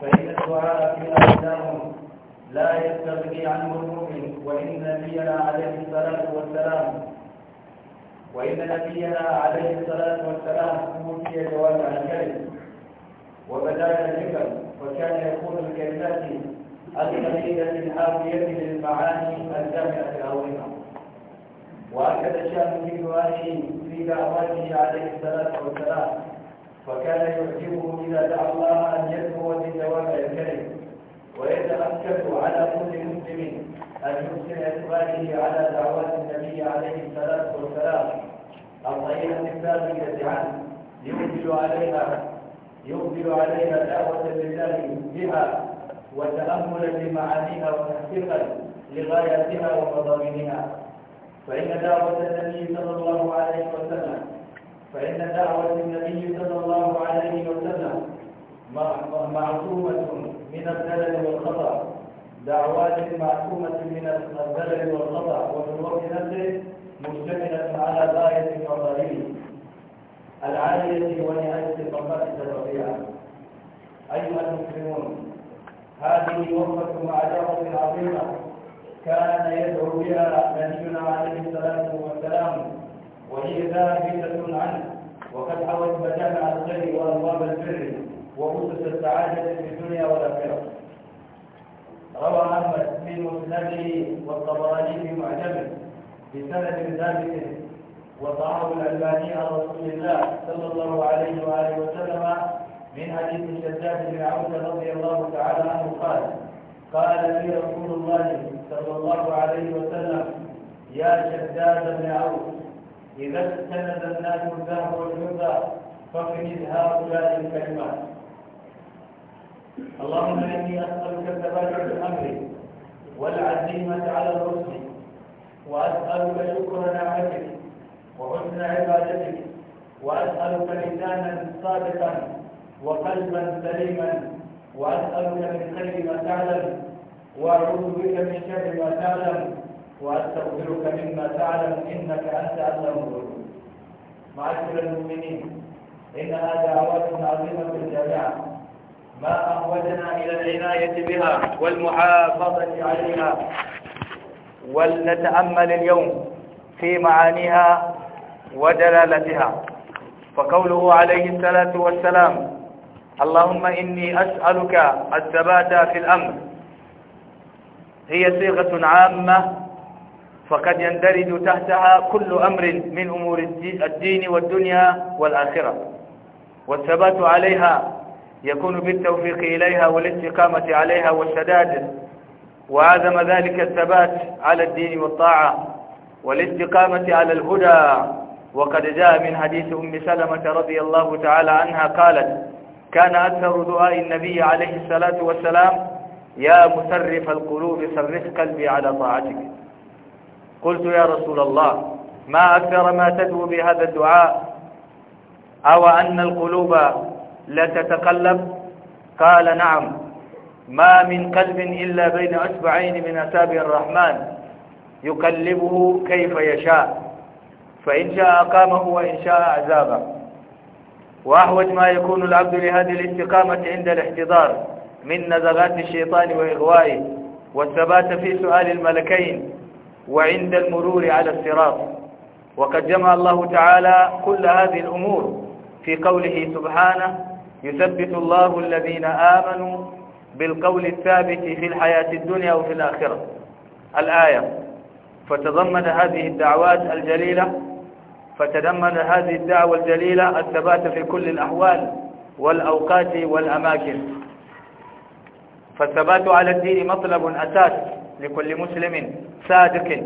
فإن الدعاء فيها كلام لا يستغني عنه المؤمن وإن نبينا عليه الصلاة والسلام وإن نبينا عليه الصلاة والسلام أوتي جوامع الكلم وبدأ الذكر وكان يقول الكلمات القليلة الحافية للمعاني الجامعة العظيمة وأكد شأنه في دعوته عليه الصلاة والسلام فكان يعجبه إذا دعا الله أن يدعو بالجواب الكريم ويتأكد على كل مسلم أن يحسن إقباله على دعوات النبي عليه الصلاة والسلام الطيبة الثابتة عنه يقبل عليها يقبل عليها دعوة لله بها وتأملا لمعانيها وتحقيقا لغاياتها ومضامينها فإن دعوة النبي صلى الله عليه وسلم فإن دعوة النبي صلى الله عليه وسلم معصومة من الزلل والخطأ دعوات معصومة من الزلل والخطأ وفي الوقت نفسه مشتملة على غاية وضريب العالية ونهاية المفاسد الرفيعة أيها المسلمون هذه وقفة مع عظيمة كان يدعو بها نبينا عليه الصلاة والسلام وهي ثابتة عنه وقد حوت مجامع الخير وأبواب البر وأسس السعادة في الدنيا والآخرة روى أحمد في مسنده والطبراني في معجمه بسند ثابت وصححه الألباني عن رسول الله صلى الله عليه وآله وسلم من حديث الشداد بن عوف رضي الله تعالى عنه قال قال لي رسول الله صلى الله عليه وسلم يا شداد بن عوف إذا استند الناس الذهب والفضة فاقلد هؤلاء الكلمات اللهم إني أسألك التبرع أمري والعزيمة على الرسل وأسألك شكر نعمتك وحسن عبادتك وأسألك لسانا صادقا وقلبا سليما وأسألك من خير ما تعلم وأعوذ بك من شر ما تعلم وأستغفرك مما تعلم إنك أنت أعلم الغيوب معاشر المؤمنين إنها دعوات عظيمة جامعة ما أحوجنا إلى العناية بها والمحافظة عليها ولنتأمل اليوم في معانيها ودلالتها فقوله عليه الصلاة والسلام اللهم إني أسألك الثبات في الأمر هي صيغة عامة فقد يندرج تحتها كل أمر من أمور الدين والدنيا والآخرة والثبات عليها يكون بالتوفيق إليها والاستقامة عليها والسداد وعزم ذلك الثبات على الدين والطاعة والاستقامة على الهدى وقد جاء من حديث أم سلمة رضي الله تعالى عنها قالت كان أكثر دعاء النبي عليه الصلاة والسلام يا مسرف القلوب صرف قلبي على طاعتك قلت يا رسول الله ما أكثر ما تدعو بهذا الدعاء أو أن القلوب لا تتقلب قال نعم ما من قلب إلا بين أسبعين من أسابع الرحمن يقلبه كيف يشاء فإن شاء أقامه وإن شاء عذابه وأحوج ما يكون العبد لهذه الاستقامة عند الاحتضار من نزغات الشيطان وإغوائه والثبات في سؤال الملكين وعند المرور على الصراط وقد جمع الله تعالى كل هذه الأمور في قوله سبحانه يثبت الله الذين آمنوا بالقول الثابت في الحياة الدنيا وفي الآخرة الآية فتضمن هذه الدعوات الجليلة فتضمن هذه الدعوة الجليلة الثبات في كل الأحوال والأوقات والأماكن فالثبات على الدين مطلب أساس لكل مسلم صادق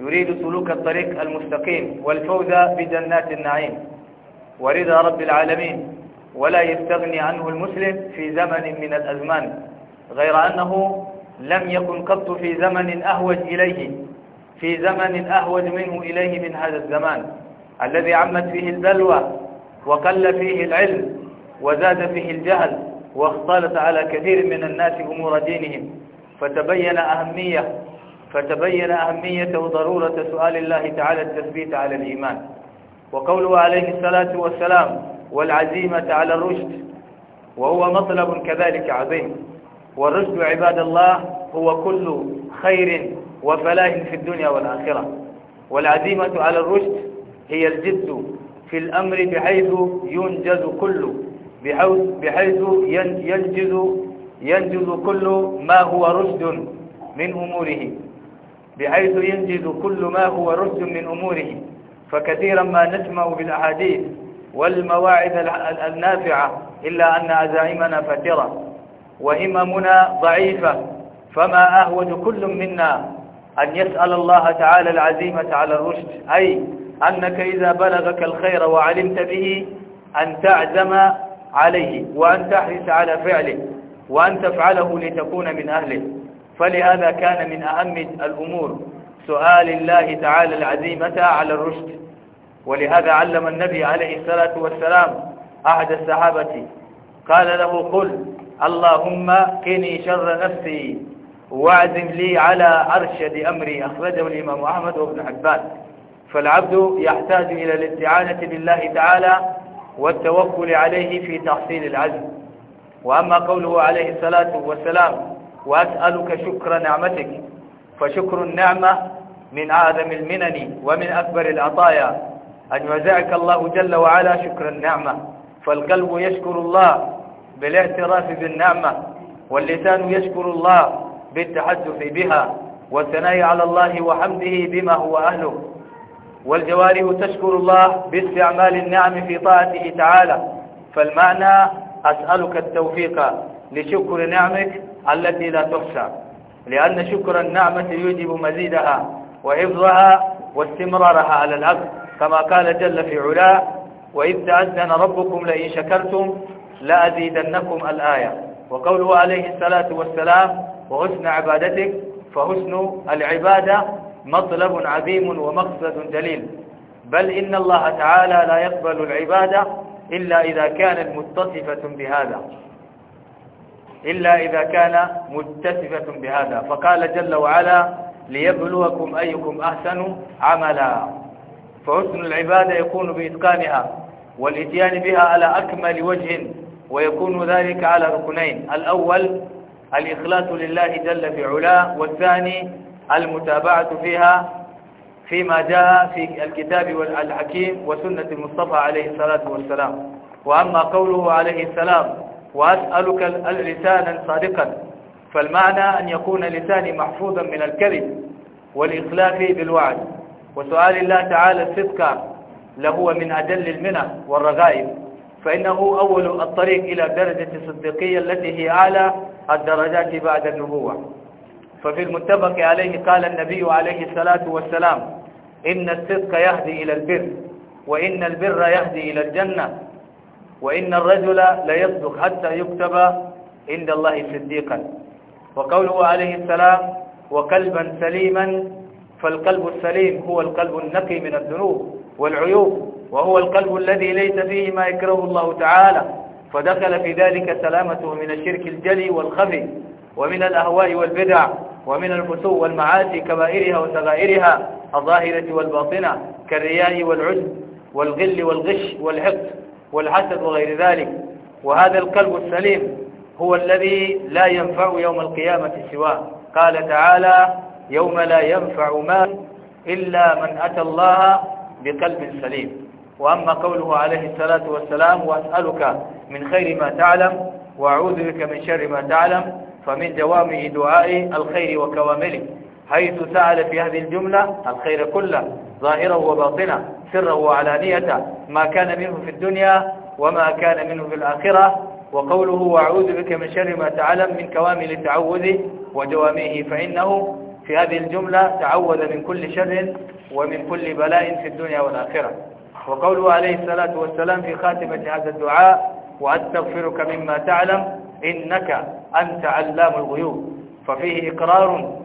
يريد سلوك الطريق المستقيم والفوز بجنات النعيم ورضا رب العالمين ولا يستغني عنه المسلم في زمن من الأزمان غير أنه لم يكن قط في زمن أهوج إليه في زمن أهوج منه إليه من هذا الزمان الذي عمت فيه البلوى وقل فيه العلم وزاد فيه الجهل واختلط على كثير من الناس أمور دينهم فتبين أهمية فتبين أهمية وضرورة سؤال الله تعالى التثبيت على الإيمان وقوله عليه الصلاة والسلام والعزيمة على الرشد وهو مطلب كذلك عظيم والرشد عباد الله هو كل خير وفلاح في الدنيا والآخرة والعزيمة على الرشد هي الجد في الأمر بحيث ينجز كله بحيث ينجز ينجز كل ما هو رشد من أموره بحيث ينجز كل ما هو رشد من أموره فكثيرا ما نسمع بالأحاديث والمواعظ النافعة إلا أن عزائمنا فترة وهممنا ضعيفة فما أهود كل منا أن يسأل الله تعالى العزيمة على الرشد أي أنك إذا بلغك الخير وعلمت به أن تعزم عليه وأن تحرص على فعله وأن تفعله لتكون من أهله فلهذا كان من أهم الأمور سؤال الله تعالى العزيمة على الرشد ولهذا علم النبي عليه الصلاة والسلام أحد الصحابة قال له قل اللهم قني شر نفسي واعزم لي على أرشد أمري أخرجه الإمام أحمد وابن حبان فالعبد يحتاج إلى الاستعانة بالله تعالى والتوكل عليه في تحصيل العزم وأما قوله عليه الصلاة والسلام وأسألك شكر نعمتك فشكر النعمة من أعظم المنن ومن أكبر العطايا أن يوزعك الله جل وعلا شكر النعمة فالقلب يشكر الله بالاعتراف بالنعمة واللسان يشكر الله بالتحدث بها والثناء على الله وحمده بما هو أهله والجوارح تشكر الله باستعمال النعم في طاعته تعالى فالمعنى أسألك التوفيق لشكر نعمك التي لا تحصى لأن شكر النعمة يوجب مزيدها وحفظها واستمرارها على العبد كما قال جل في علاه وإذ تأذن ربكم لئن شكرتم لأزيدنكم الآية وقوله عليه الصلاة والسلام وحسن عبادتك فحسن العبادة مطلب عظيم ومقصد جليل بل إن الله تعالى لا يقبل العبادة إلا إذا كانت متصفة بهذا إلا إذا كان متصفة بهذا فقال جل وعلا ليبلوكم أيكم أحسن عملا فحسن العبادة يكون بإتقانها والإتيان بها على أكمل وجه ويكون ذلك على ركنين الأول الإخلاص لله جل في علاه والثاني المتابعة فيها فيما جاء في الكتاب والحكيم وسنة المصطفى عليه الصلاة والسلام وأما قوله عليه السلام وأسألك لسانا صادقا فالمعنى أن يكون لساني محفوظا من الكذب والإخلاف بالوعد وسؤال الله تعالى الصدق لهو من أجل المنى والرغائب فإنه أول الطريق إلى درجة الصديقية التي هي أعلى الدرجات بعد النبوة ففي المتفق عليه قال النبي عليه الصلاة والسلام إن الصدق يهدي إلى البر وإن البر يهدي إلى الجنة وإن الرجل لا يصدق حتى يكتب عند الله صديقا وقوله عليه السلام وقلبا سليما فالقلب السليم هو القلب النقي من الذنوب والعيوب وهو القلب الذي ليس فيه ما يكره الله تعالى فدخل في ذلك سلامته من الشرك الجلي والخفي ومن الأهواء والبدع ومن الفتو والمعاصي كبائرها وصغائرها الظاهرة والباطنة كالرياء والعجب والغل والغش والحقد والحسد وغير ذلك وهذا القلب السليم هو الذي لا ينفع يوم القيامة سواه قال تعالى يوم لا ينفع مال إلا من أتى الله بقلب سليم وأما قوله عليه الصلاة والسلام وأسألك من خير ما تعلم وأعوذ بك من شر ما تعلم فمن دوامه دعاء الخير وكوامله حيث سأل في هذه الجملة الخير كله ظاهره وباطنه سره وعلانيته ما كان منه في الدنيا وما كان منه في الآخرة وقوله وأعوذ بك من شر ما تعلم من كوامل تعوذه وجوامعه فإنه في هذه الجملة تعوذ من كل شر ومن كل بلاء في الدنيا والآخرة وقوله عليه الصلاة والسلام في خاتمة هذا الدعاء وأستغفرك مما تعلم إنك أنت علام الغيوب ففيه إقرار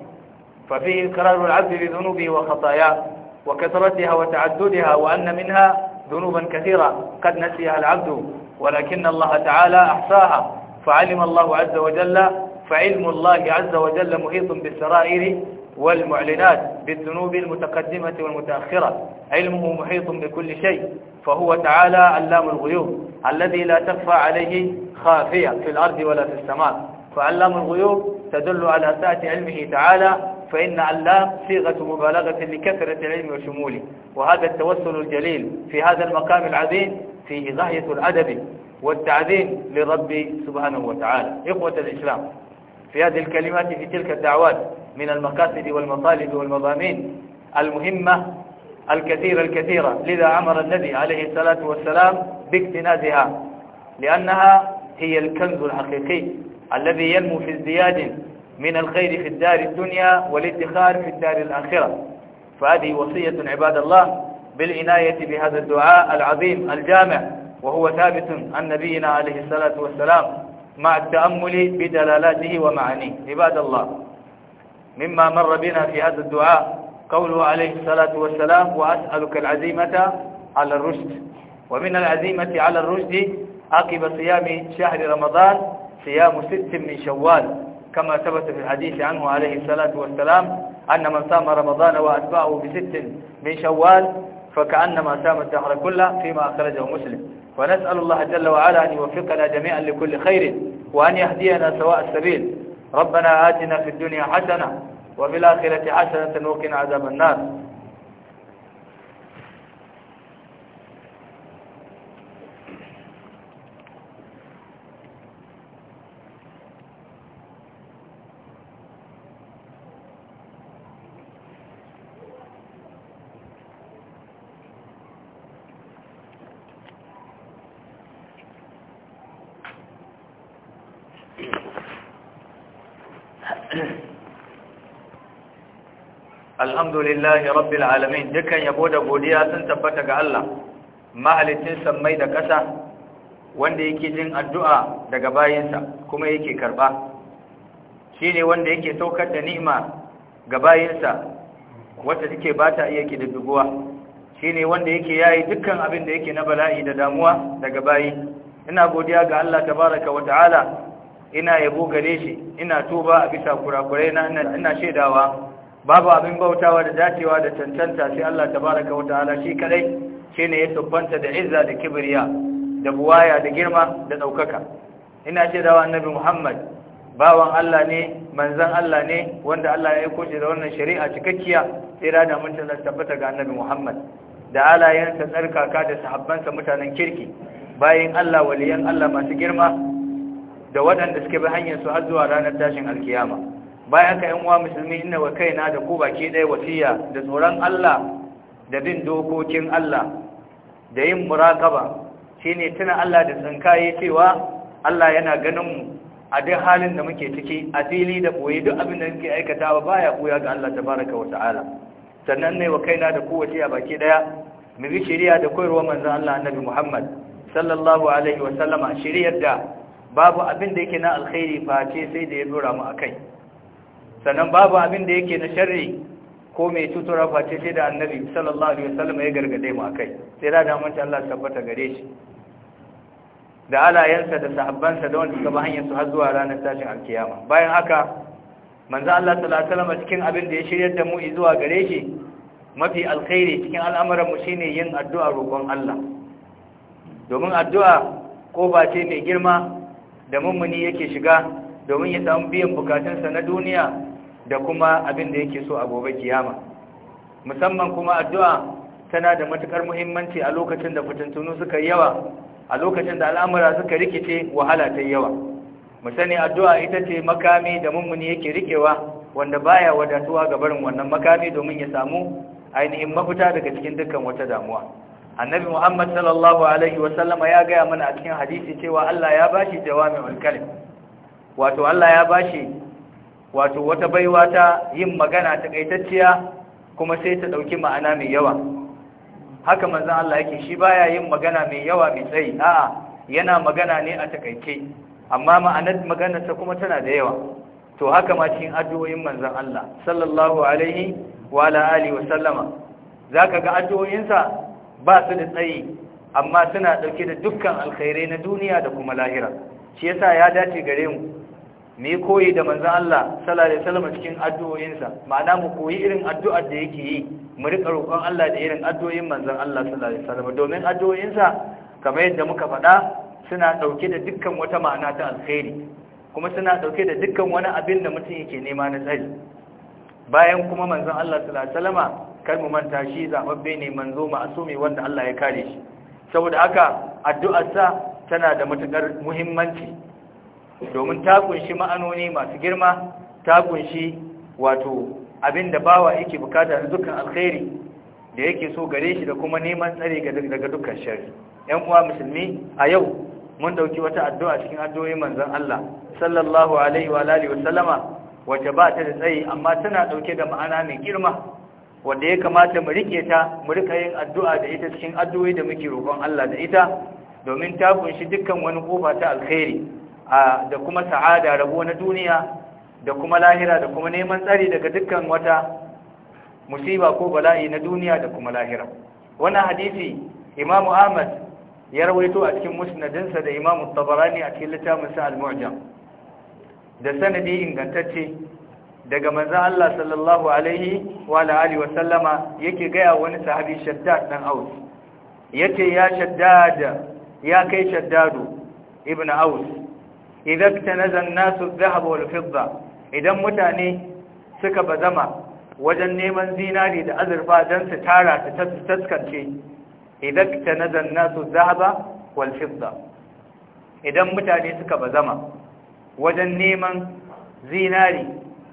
ففيه إقرار العبد بذنوبه وخطاياه وكثرتها وتعددها وأن منها ذنوبا كثيرة قد نسيها العبد ولكن الله تعالى أحصاها فعلم الله عز وجل فعلم الله عز وجل محيط بالسرائر والمعلنات بالذنوب المتقدمة والمتأخرة علمه محيط بكل شيء فهو تعالى علام الغيوب الذي لا تخفى عليه خافية في الأرض ولا في السماء فعلام الغيوب تدل على ساعة علمه تعالى فإن علام صيغة مبالغة لكثرة العلم وشموله وهذا التوسل الجليل في هذا المقام العظيم فيه غاية الأدب والتعذيب لرب سبحانه وتعالى إخوة الإسلام في هذه الكلمات في تلك الدعوات من المقاصد والمطالب والمضامين المهمة الكثيرة الكثيرة لذا عمر النبي عليه الصلاة والسلام باكتنازها لأنها هي الكنز الحقيقي الذي ينمو في ازدياد من الخير في الدار الدنيا والادخار في الدار الآخرة فهذه وصية عباد الله بالعناية بهذا الدعاء العظيم الجامع وهو ثابت عن نبينا عليه الصلاة والسلام مع التأمل بدلالاته ومعانيه عباد الله مما مر بنا في هذا الدعاء قوله عليه الصلاة والسلام وأسألك العزيمة على الرشد ومن العزيمة على الرشد عقب صيام شهر رمضان صيام ست من شوال كما ثبت في الحديث عنه عليه الصلاة والسلام أن من صام رمضان وأتباعه بست من شوال فكأنما سام الدهر كله فيما أخرجه مسلم ونسأل الله جل وعلا أن يوفقنا جميعا لكل خير وأن يهدينا سواء السبيل ربنا آتنا في الدنيا حسنة وفي الآخرة حسنة وقنا عذاب النار alhamdulillahi rabbil alamin dukan yabo da godiya sun tabbata ga Allah mahalicin sammai da ƙasa wanda yake jin addu'a daga bayinsa kuma yake karba shine wanda yake saukar da ni'ima ga bayinsa wanda yake ba ta iya kididduguwa shine wanda yake yayi dukkan abin da yake na bala'i da damuwa daga bayi ina godiya ga Allah tabaraka wa ta'ala ina yabo gare shi ina tuba a bisa kurakurai na ina shaidawa babu abin bautawa da dacewa da cancanta sai Allah tabaraka wataala shi kadai shine ya tuffanta da izza da kibriya da buwaya da girma da daukaka ina ce da annabi Muhammad bawan Allah ne manzan Allah ne wanda Allah ya yi shi da wannan shari'a cikakkiya sai da mun tabbata ga annabi Muhammad da alayensa tsarkaka da sahabbansa mutanen kirki bayan Allah waliyan Allah masu girma da waɗanda suke bi hanyar su har zuwa ranar tashin alkiyama bayan ka yan uwa musulmi ina wa kaina da ku baki ɗaya wasiya da tsoron Allah da bin dokokin Allah da yin muraqaba shine tuna Allah da tsinkaye cewa Allah yana ganin mu a duk halin da muke ciki a fili da boye duk abin da muke aikatawa baya koya ga Allah tabaraka wa ta'ala sannan ne wa kaina da ku wasiya baki ɗaya mu bi shari'a da koyarwa manzo Allah annabi Muhammad sallallahu alaihi wa sallama shari'ar da babu abin da yake na alkhairi face sai da ya dora mu akai sannan babu abin da yake na sharri ko mai tutura face sai da annabi sallallahu alaihi wasallam ya gargade mu akai sai da da manta Allah tabbata gare shi da alayansa da sahabbansa da wanda suka ba hanyar su har zuwa ranar tashin alkiyama bayan haka manzo Allah sallallahu alaihi wasallam cikin abin da ya shiryar da mu zuwa gare shi mafi alkhairi cikin al'amuran mu shine yin addu'a roƙon Allah domin addu'a ko ba ce mai girma da mummuni yake shiga domin ya samu biyan bukatunsa na duniya da kuma abin da yake so a gobe kiyama musamman kuma addu'a tana da matukar muhimmanci a lokacin da fitintunu suka yawa a lokacin da al'amura suka rikice wahala ta yawa mu sani addu'a ita ce makami da mummuni yake rikewa wanda baya wadatuwa ga barin wannan makami domin ya samu ainihin mafita daga cikin dukkan wata damuwa annabi muhammad sallallahu alaihi wa sallama, ya gaya mana a cikin hadisi cewa Allah ya bashi jawami'ul kalim wato Allah ya bashi wato wata baiwa ta yin magana ta kaitacciya, kuma sai ta ɗauki ma'ana mai yawa haka manzon Allah yake shi baya yin magana mai yawa mai tsayi a'a yana magana ne a takaice amma ma'anar maganar ta kuma tana da yawa to haka ma cikin addu'o'in manzon Allah sallallahu alaihi wa ala alihi wa sallama zaka ga addu'o'insa ba su da tsayi amma suna ɗauke da dukkan alkhairai na duniya da kuma lahira shi yasa ya dace gare mu mu yi koyi da manzan Allah sallallahu alaihi wasallam cikin addu'o'insa ma'ana mu koyi irin addu'ar da yake yi mu rika roƙon Allah da irin addu'o'in manzan Allah sallallahu alaihi wasallam domin addu'o'insa kamar yadda muka faɗa suna ɗauke da dukkan wata ma'ana ta alkhairi kuma suna ɗauke da dukkan wani abin da mutum yake nema na tsari bayan kuma manzan Allah sallallahu alaihi wasallam kar mu manta shi zababbe ne manzo ma'asumi wanda Allah ya kare shi saboda haka addu'arsa tana da matukar muhimmanci domin ta kunshi ma'anoni masu girma ta kunshi wato abin da bawa yake bukata na dukkan alkhairi da yake so gare shi da kuma neman tsare daga dukkan shari yan uwa musulmi a yau mun dauki wata addu'a cikin addu'o'i manzon Allah sallallahu alaihi wa alihi wa sallama wace ba ta da tsayi amma tana dauke da ma'ana mai girma wanda ya kamata mu rike ta mu rika yin addu'a da ita cikin addu'o'i da muke roƙon Allah da ita domin ta kunshi dukkan wani kofa ta alkhairi da kuma sa'ada rabo na duniya da kuma lahira da kuma neman tsari daga dukkan wata musiba ko bala'i na duniya da kuma lahira wannan hadisi Imam Ahmad ya rawaito a cikin musnadinsa da Imam Tabarani a cikin littafin sa Al-Mu'jam da sanadi ingantacce daga manzon Allah sallallahu alaihi wa alihi wa sallama yake gaya wani sahabi Shaddad dan Aus yace ya Shaddad ya kai Shaddadu ibn Aus idan tanaza nasu dhahab wal fidda idan mutane suka bazama wajen neman zinari da azurfa don su tara su taskance idan tanaza nasu dhahaba wal fidda idan mutane suka bazama wajen neman zinari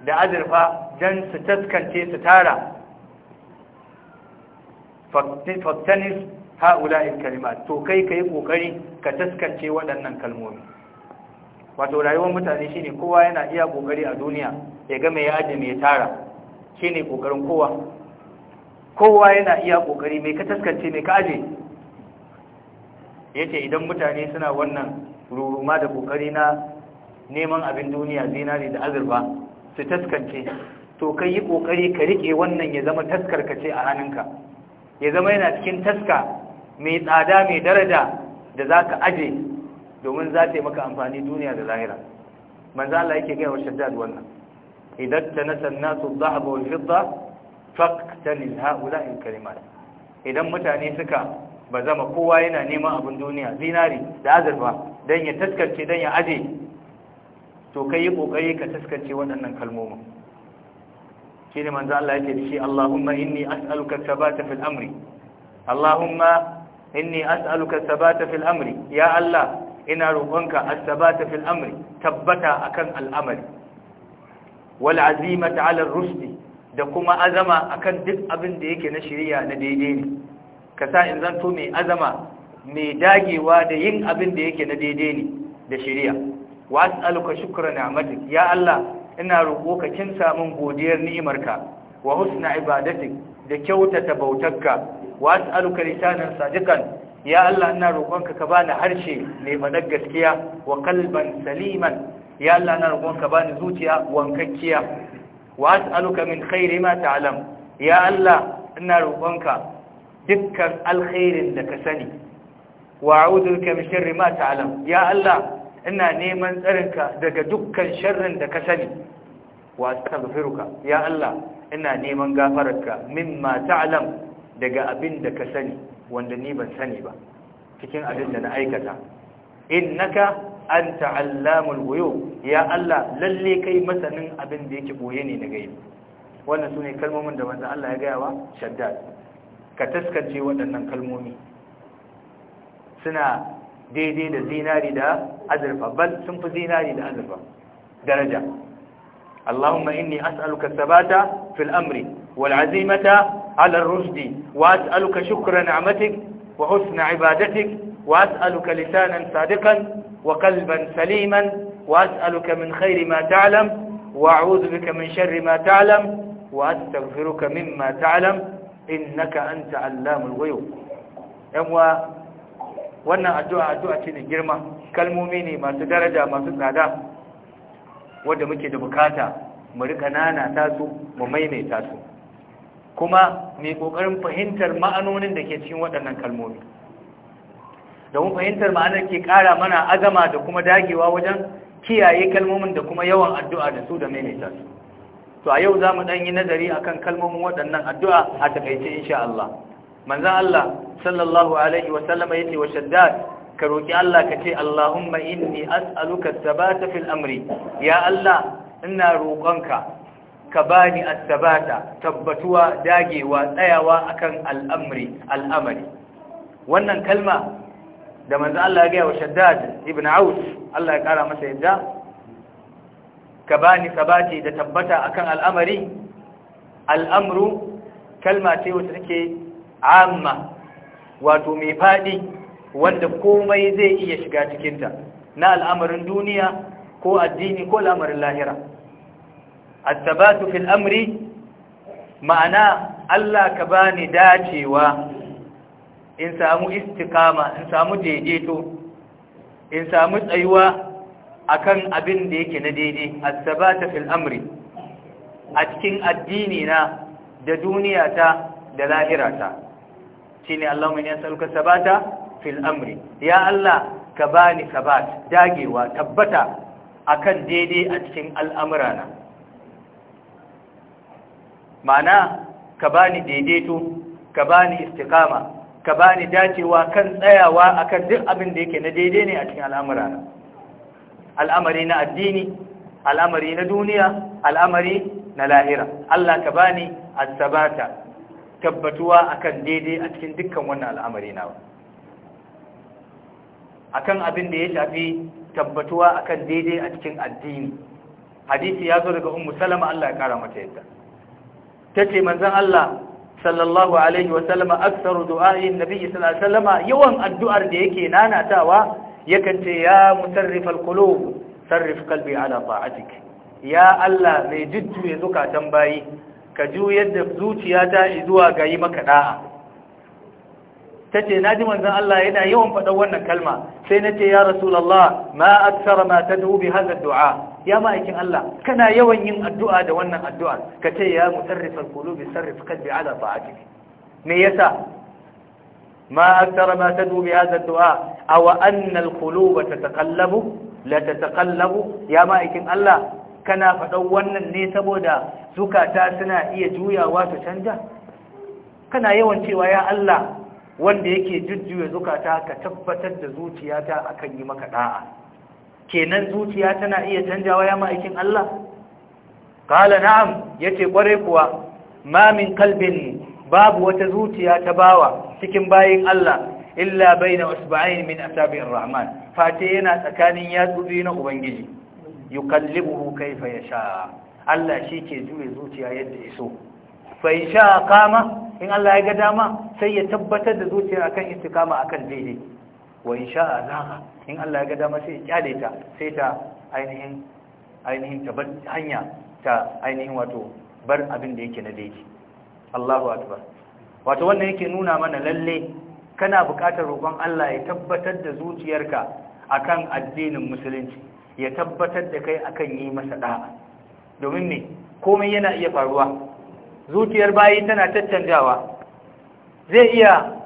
da azurfa don su taskance su tara faktanis ha'ula'in kalimat to kai ka yi ƙoƙari ka taskance waɗannan kalmomi wato rayuwar mutane shi ne kowa yana iya kokari a duniya ya game ya yaji mai tara ne kokarin kowa kowa yana iya kokari mai ka taskance mai ka aje ce idan mutane suna wannan ruruma da kokari na neman abin duniya zinari da azurfa su taskance to kai yi kokari ka rike wannan ya zama taskarkace a hannunka ya zama yana cikin taska mai tsada mai daraja da za ka aje domin za ta yi maka amfani duniya da lahira manzo Allah yake gaya wa shaddad wannan idan tanata an-nasu adh-dhahaba wal-fidda faqtanil ha'ula'i kalimat idan mutane suka bazama kowa yana neman abin duniya zinari da azurfa dan ya taskarce dan ya aje to kai yi kokari ka taskarce waɗannan kalmomin shine manzo Allah yake da shi Allahumma inni as'aluka thabata fil amri Allahumma inni as'aluka thabata fil amri ya Allah ina roƙonka as fil amri tabbata akan al'amari wal azimata 'ala rusdi da kuma azama akan duk abin da yake na shiriya na daidai ne ka sa in zanto mai azama mai dagewa da yin abin da yake na daidai ne da shirya. wa as'aluka shukra ni'matik ya Allah ina roƙo ka kin samun godiyar ni'imarka wa husna ibadatik da kyautata bautarka wa as'aluka lisanan sadiqan ya Allah ina roƙonka ka bani harshe mai faɗar gaskiya wa kalban saliman ya Allah ina roƙonka bani zuciya wankakkiya wa as'aluka min khairi ma ta'lam ya Allah ina roƙonka dukkan alkhairin da ka sani wa a'udhu min sharri ma ta'lam ya Allah ina neman tsarinka daga dukkan sharrin da ka sani wa astaghfiruka ya Allah ina neman gafararka mimma ta'lam daga abin da ka sani wanda ni ban sani ba cikin abin da na aikata innaka anta allamul ghuyub ya Allah lalle kai masanin abin da yake boye ne na gaibi wannan sune kalmomin da manzo Allah ya gaya wa Shaddad ka taskace waɗannan kalmomi suna daidai da zinari da azurfa bal sun fi zinari da azurfa daraja Allahumma inni as'aluka thabata fil amri wal azimata على الرشد وأسألك شكر نعمتك وحسن عبادتك وأسألك لسانا صادقا وقلبا سليما وأسألك من خير ما تعلم وأعوذ بك من شر ما تعلم وأستغفرك مما تعلم إنك أنت علام الغيوب يموى وانا أدعى أدعى تيني جرمة كالموميني ما تدرجة ما تدرجة masu tsada wanda muke da bukata mu kuma mai kokarin fahimtar ma'anonin da ke cikin waɗannan kalmomi domin fahimtar ma'anar ke ƙara mana azama da kuma dagewa wajen kiyaye kalmomin da kuma yawan addu'a da su da maimaita su to a yau za mu ɗan yi nazari akan kalmomin waɗannan addu'a a taƙaice insha Allah manzan Allah sallallahu alaihi wasallama ya ce wa shaddad ka roƙi Allah ka ce Allahumma inni as'aluka thabata fil amri ya Allah ina roƙonka ka bani asabata tabbatuwa dagewa tsayawa akan al'amri al'amari wannan kalma da manzo Allah ya ga wa Shaddad ibn Aus Allah ya kara masa yadda ka bani sabati da tabbata akan al'amari al'amru kalma ce wacce take amma wato mai fadi wanda komai zai iya shiga cikinta na al'amarin duniya ko addini ko al'amarin lahira at fil amri ma'ana Allah ka bani dacewa in samu istiqama in samu daidaito in samu tsayuwa akan abin da yake na daidai as-sabata fil amri a cikin addini na da duniyata da lahirata shine Allahumma inni as'aluka sabata fil amri ya Allah ka bani sabat dagewa tabbata akan daidai a cikin al'amurana ma'ana ka bani daidaito ka bani istiqama ka bani dacewa kan tsayawa akan duk abin da yake na daidai ne a cikin al'amura al'amari na addini al'amari na duniya al'amari na lahira Allah ka bani asabata tabbatuwa akan daidai a cikin dukkan wannan al'amari nawa akan abin da ya shafi tabbatuwa akan daidai a cikin addini hadisi ya zo daga ummu salama Allah ya kara mata yadda tace manzon Allah sallallahu alaihi wa sallama aktsaru du'a'in nabi sallallahu alaihi wa sallama yawan addu'ar da yake nanatawa yakan ce ya mutarrifal qulub sarrif qalbi ala ta'atik ya Allah mai jujjuye zukatan bayi ka juyar da zuciyata zuwa ga yi maka da'a ta ce na ji manzan Allah yana yawan faɗa wannan kalma sai na ce ya rasulallah ma aksara ma ta dubi hazar du'a ya ma'aikin Allah kana yawan yin addu'a da wannan addu'a ka ce ya mutarrifal qulubi sarrif qalbi ala ta'atik me yasa ma akthara ma tadu bi hadha ad-du'a aw anna al-quluba tataqallabu la tataqallabu ya ma'aikin Allah kana fadan wannan ne saboda zukata suna iya juyawa ta canja kana yawan cewa ya Allah wanda yake jujjuya zukata ka tabbatar da zuciyata akan yi maka da'a kenan zuciya tana iya canjawa ya ma'aikin Allah kala na'am ya ce ƙware kuwa Mamin kalbin babu wata zuciya ta bawa cikin bayin Allah illa bai wasu usba'ain min asabi'ir rahman fate yana tsakanin yatsu biyu na ubangiji fa ya sha. Allah shi ke juye zuciya yadda iso fa sha kama? in Allah ya ga dama sai ya tabbatar da zuciya akan istikama akan daidai wa insha Allah in Allah ya ga dama sai ya kyale ta sai ta ainihin ainihin ta bar hanya ta ainihin wato bar abin da yake na daidai Allahu akbar wato wannan yake nuna mana lalle kana buƙatar roƙon Allah ya tabbatar da zuciyarka akan addinin musulunci ya tabbatar da kai akan yi masa da'a domin me komai yana iya faruwa zuciyar bayi tana tattanjawa zai iya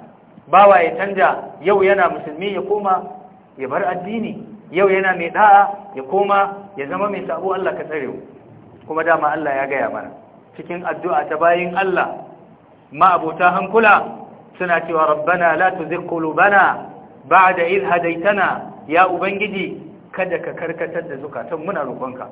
bawa ya canja yau yana musulmi ya koma ya bar addini yau yana mai da'a ya koma ya zama mai sabo Allah ka tsare kuma dama Allah ya gaya mana cikin addu'a ta bayin Allah ma hankula suna cewa rabbana la tuzigh qulubana ba'da idh hadaytana ya ubangiji kada ka karkatar da zukatan muna roƙonka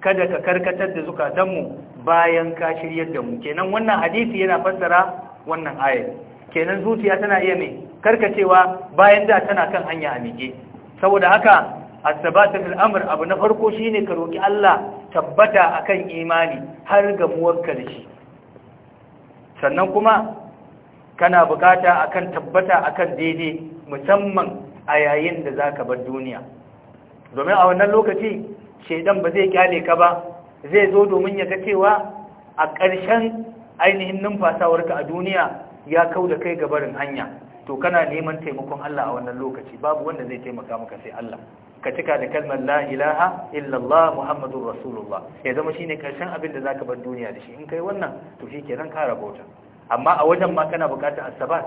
kada ka karkatar da zukatanmu bayan ka shiryar da mu kenan wannan hadisi yana fassara wannan ayat kenan zuciya tana iya mai karkacewa bayan da tana kan hanya a mike saboda haka asabata fil amr abu na farko shine ka roki Allah tabbata akan imani har ga muwakkal shi sannan kuma kana bukata akan tabbata akan daidai musamman a yayin da zaka bar duniya domin a wannan lokaci shedan ba zai kyale ka ba zai zo domin ya ga cewa a ƙarshen ainihin numfasawarka a duniya ya kau da kai gabarin hanya to kana neman taimakon Allah a wannan lokaci babu wanda zai taimaka maka sai Allah ka cika da kalmar la ilaha illallah muhammadur rasulullah ya zama shine karshen abin da zaka bar duniya da shi in kai wannan to shikenan ka rabauta amma a wajen ma kana bukatar asabat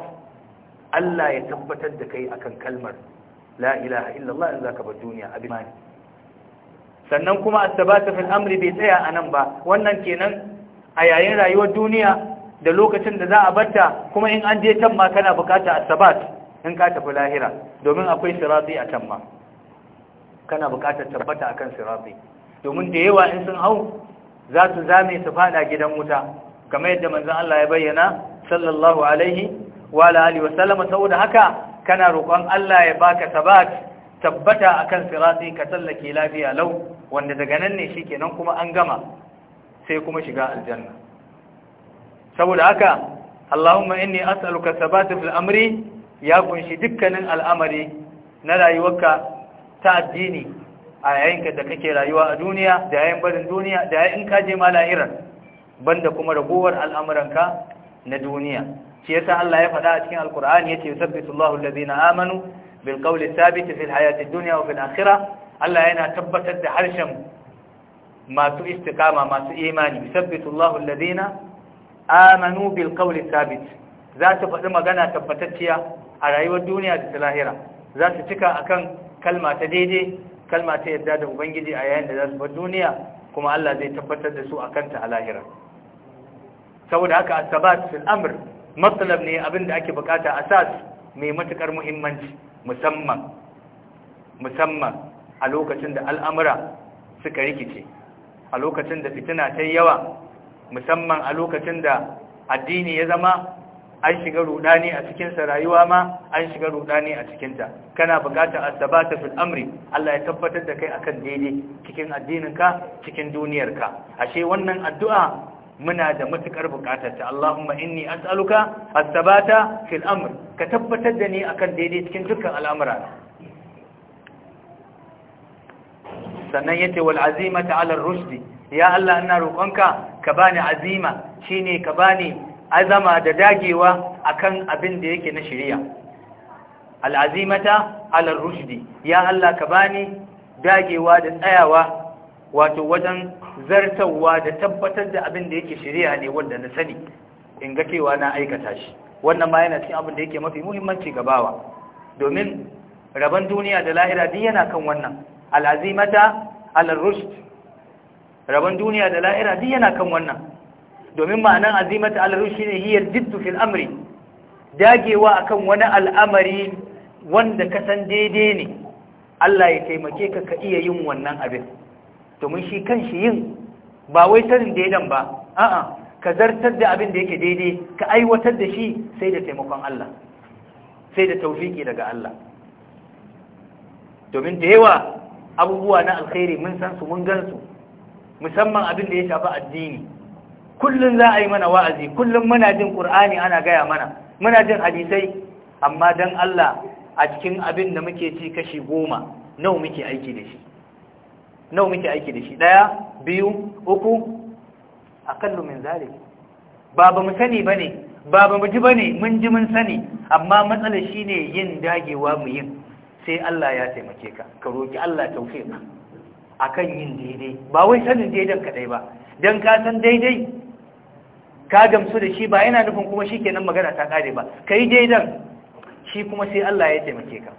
Allah ya tabbatar da kai akan kalmar la ilaha illallah in zaka bar duniya abin sannan kuma asabata fil amri bai tsaya anan ba wannan kenan a yayin rayuwar duniya da lokacin da za a batta kuma in an je can ma kana bukata asabat in ka tafi lahira domin akwai sirati a can ma kana bukatar tabbata akan sirati domin da yawa in sun hau za su zame su fada gidan wuta kamar yadda manzon Allah ya bayyana sallallahu alaihi wa alihi wa sallama saboda haka kana roƙon Allah ya baka sabat tabbata akan sirati ka tsallake lafiya lau wanda daga nan ne shikenan kuma an gama sai kuma shiga aljanna saboda haka Allahumma inni as'aluka sabata fil amri ya kunshi dukkanin al'amari na rayuwarka ta addini a yayin da kake rayuwa a duniya da yayin barin duniya da yayin ka je ma lahirar banda kuma ragowar al'amuranka na duniya shi yasa Allah ya faɗa a cikin Al-Qur'ani yace yusabbitu Allahu allazina amanu bil qawli thabit fil hayati dunya wa fil akhirah Allah yana tabbatar da harshen masu istiqama masu imani yusabbitu Allahu amanu bil qawli thabit za ta faɗi magana tabbatacciya a rayuwar duniya da ta lahira za su cika akan kalma ta daidai kalma ta yadda da ubangiji a yayin da za su bar duniya kuma Allah zai tabbatar da su akan ta a lahira saboda haka asabat fil amr matlab ne abin da ake bukata asas mai matukar muhimmanci musamman musamman a lokacin da al'amura suka rikice a lokacin da fitina ta yawa musamman a lokacin da addini ya zama an shiga rudani a cikinsa rayuwa ma an shiga rudani a cikinta kana bukatar asabata fil amri Allah ya tabbatar da kai akan daidai cikin addininka cikin duniyarka ashe wannan addu'a muna da matukar bukatar ta Allahumma inni as'aluka asabata fil amr ka tabbatar da ni akan daidai cikin dukkan al'amura sannan yace wal azimata ala rushdi ya Allah ina roƙonka ka bani azima shine ka bani azama da dagewa akan abin da yake na shirya, al'azimata alar rushdi ya Allah ka bani dagewa da tsayawa wato wajen zartawa da tabbatar da abin da yake shari'a ne wanda na sani in ga cewa na aikata shi wannan ma yana cikin abin da yake mafi muhimmanci gabawa domin rabon duniya da lahira duk yana kan wannan al'azimata alar rushdi rabon duniya da la'ira duk yana kan wannan domin ma'anar azimata alaru shi ne hiyar jiddu fil amri dagewa kan wani al'amari wanda ka san daidai ne Allah ya taimake ka ka iya yin wannan abin domin shi kan shi yin ba wai sanin daidan ba a'a ka zartar da abin da yake daidai ka aiwatar da shi sai da taimakon Allah sai da taufiki daga Allah domin da yawa abubuwa na alkhairi mun san su mun gan su musamman abin da ya shafi addini kullum za a yi mana wa'azi kullum muna jin ƙur'ani ana gaya mana muna jin hadisai amma don Allah a cikin abin da muke ci kashi goma nawa muke aiki da shi nawa muke aiki da shi ɗaya biyu uku akallu min zalik ba ba mu sani ba ne ba ba mu ji ba ne mun ji mun sani amma matsala shi ne yin dagewa mu yin sai Allah ya taimake ka ka roki Allah ka. akan yin daidai ba wai sanin daidan kadai ba Idan ka san daidai ka gamsu da shi ba yana nufin kuma shi kenan magana ta kare ba Ka yi daidan shi kuma sai Allah ya taimake ka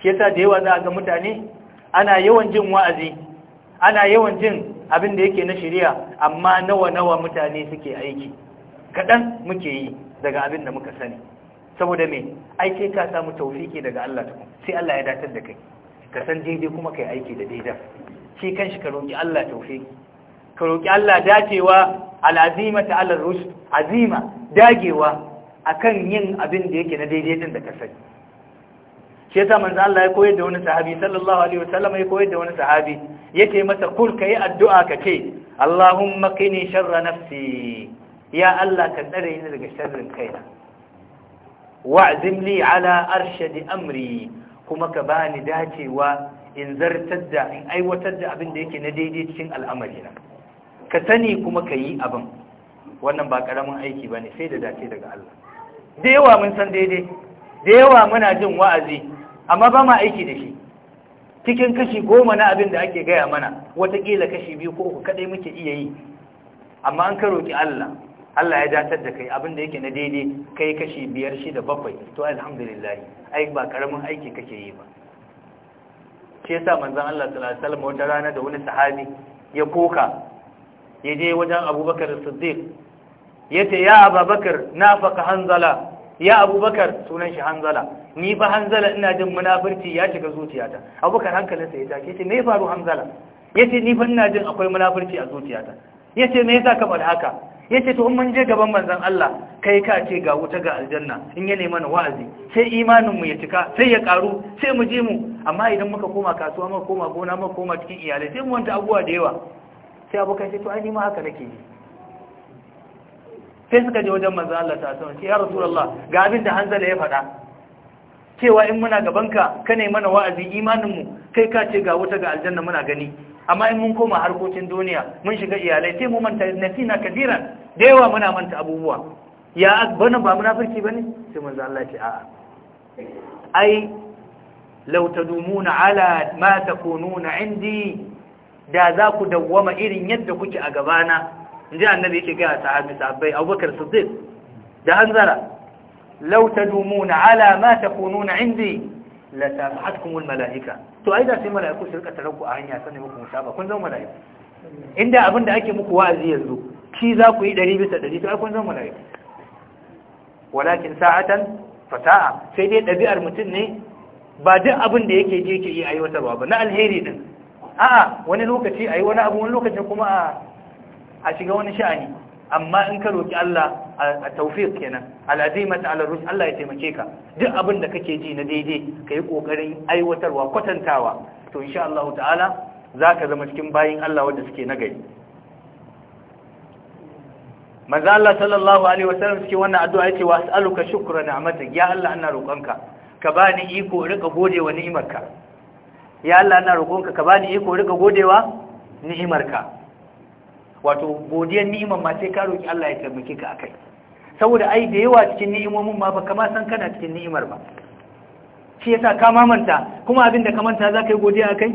shi yasa da yawa za a ga mutane ana yawan jin wa'azi ana yawan jin abin da yake na shari'a amma nawa nawa mutane suke aiki Kaɗan muke yi daga abin da muka sani saboda me ai ka samu tawfiki daga Allah sai Allah ya datar da kai ka san daidai kuma kai aiki da daidai shi kan shi ka roki Allah tawfiki ka roki Allah dacewa ta Allah rush azima dagewa akan yin abin da yake na daidai din da ka sani shi yasa manzo Allah ya koyar da wani sahabi sallallahu alaihi wasallam ya koyar da wani sahabi Ya ce masa kul kai addu'a ka ce Allahumma qini sharra nafsi ya Allah ka tsare ni daga sharrin kaina wa'zim li ala arshadi amri kuma ka bani dacewa in zartar da in aiwatar da abin da yake na daidai cikin al'amari na ka sani kuma ka yi abin wannan ba karamin aiki ba ne sai da dace daga Allah da yawa mun san daidai da yawa muna jin wa'azi amma ba ma aiki da shi cikin kashi goma na abin da ake gaya mana watakila kashi biyu ko uku kaɗai muke iya yi amma an ka roki Allah Allah ya datar da kai Abinda yake na daidai kai kashi biyar shida bakwai to alhamdulillah ai ba karamin aiki kake yi ba shi yasa manzon Allah sallallahu alaihi wasallam wata rana da wani sahabi ya koka ya je wajen Abubakar Siddiq yace ya Abubakar nafaka hanzala ya Abubakar sunan shi hanzala ni fa hanzala ina jin munafurci ya shiga zuciyata Abubakar hankalinsa ya take yace me faru hanzala yace ni fa ina jin akwai munafurci a zuciyata yace me yasa ka bar haka yace to mun je gaban manzon Allah kai ka ce ga wuta ga aljanna in ya nema na wa'azi sai imanin mu ya cika sai ya karu sai mu ji mu amma idan muka koma kasuwa muka koma gona muka koma cikin iyalai sai mu wanta abuwa da yawa sai abokai sai to ai ma haka nake yi sai suka je wajen manzon Allah ta sallallahu alaihi ya rasulullah ga abin da hanzala ya faɗa cewa in muna gabanka ka ne mana wa'azi imanin mu kai ka ce ga wuta ga aljanna muna gani amma in mun koma harkokin duniya mun shiga iyalai sai mu manta nasina kadiran da yawa muna manta abubuwa ya bana ba munafirci bane sai manzo Allah ya ce a'a ai law tadumuna ala ma takununa indi da za ku dawwama irin yadda kuke a gabana inji annabi yake ga sahabi sahabbai Abubakar Siddiq da anzara law tadumuna ala ma takununa indi la tabi'atkumul malaika to ai da sai malaiku su rika taranku a hanya sanin muku musaba kun zama malaiku inda abin da ake muku wa'azi yanzu shi za ku yi 100 bisa 100 to ai kun zama malaiku walakin sa'atan fata'a sai dai ɗabi'ar mutum ne ba duk abin da yake je yake yi aiwatarwa ba na alheri din a'a wani lokaci ayi wani abu wani lokaci kuma a shiga wani sha'ani amma in ka roki Allah a taufiq kenan al'azimata ala rus Allah ya taimake ka duk abin da kake ji na daidai kai kokarin aiwatarwa kwatantawa to insha Allah ta'ala zaka zama cikin bayin Allah wanda suke nagari manzo Allah sallallahu alaihi wasallam suke wannan addu'a yake wa shukran shukra ni'matik ya Allah ina roƙonka ka bani iko rika godewa ni'imarka ya Allah ina roƙonka ka bani iko rika godewa ni'imarka wato godiyar ni'imar ma sai ka roki Allah ya taimake ka akai saboda ai da yawa cikin ni'imomin ma baka ma san kana cikin ni'imar ba shi yasa ka mamanta kuma abin da ka manta za ka yi godiya akai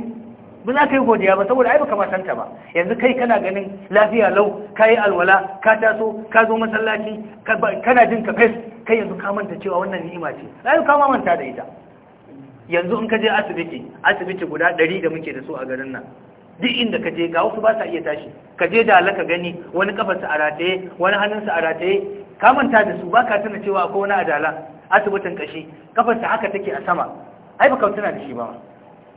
ba za ka yi godiya ba saboda ai baka ma ta ba yanzu kai kana ganin lafiya lau ka yi alwala ka taso ka zo masallaci kana jin ka fes kai yanzu ka manta cewa wannan ni'ima ce ai ka mamanta da ita yanzu in ka je asibiti asibiti guda ɗari da muke da su a garin nan duk inda ka je ga wasu ba sa iya tashi ka je da alaka gani wani kafarsa a rataye wani hannunsa a rataye ka manta da su ba ka tana cewa akwai wani adala asibitin kashi kafarsa haka take a sama ai ka tana da shi ba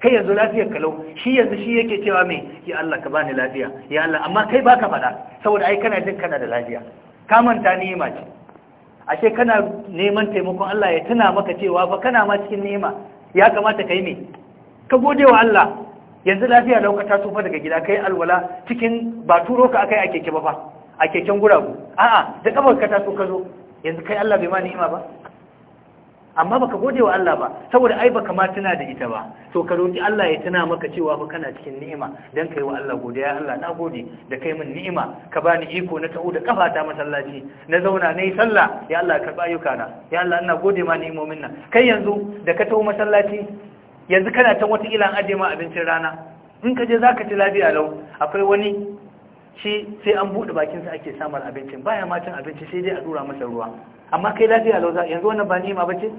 kai yanzu lafiyar kalau shi yanzu shi yake cewa me ya Allah ka bani lafiya ya Allah amma kai ba ka faɗa saboda ai kana jin kana da lafiya ka manta ma ce ashe kana neman taimakon Allah ya tuna maka cewa ba kana ma cikin nema. ya kamata kai me ka gode wa Allah yanzu lafiya ta tufa daga gida kai alwala cikin ba turo ka akai a keke ba fa a keken guragu a'a da kafar ka ta so ka zo yanzu kai Allah bai ma ni'ima ba amma baka gode wa Allah ba saboda ai baka ma tuna da ita ba to ka roki Allah ya tuna maka cewa fa kana cikin ni'ima dan kai wa Allah godiya Allah na gode da kai min ni'ima ka bani iko na ta'u da kafa ta masallaci na zauna nayi sallah ya Allah ka bayyuka na ya Allah ina gode ma ni'imomin nan kai yanzu da ka taho masallaci yanzu kana can wata an ajiye ma abincin rana in ka je za ka ci lafiya lau akwai wani shi sai an buɗe bakinsa ake samun abincin baya ma cin abinci sai dai a dura masa ruwa amma kai lafiya lau yanzu wannan ba ni'ima ba ce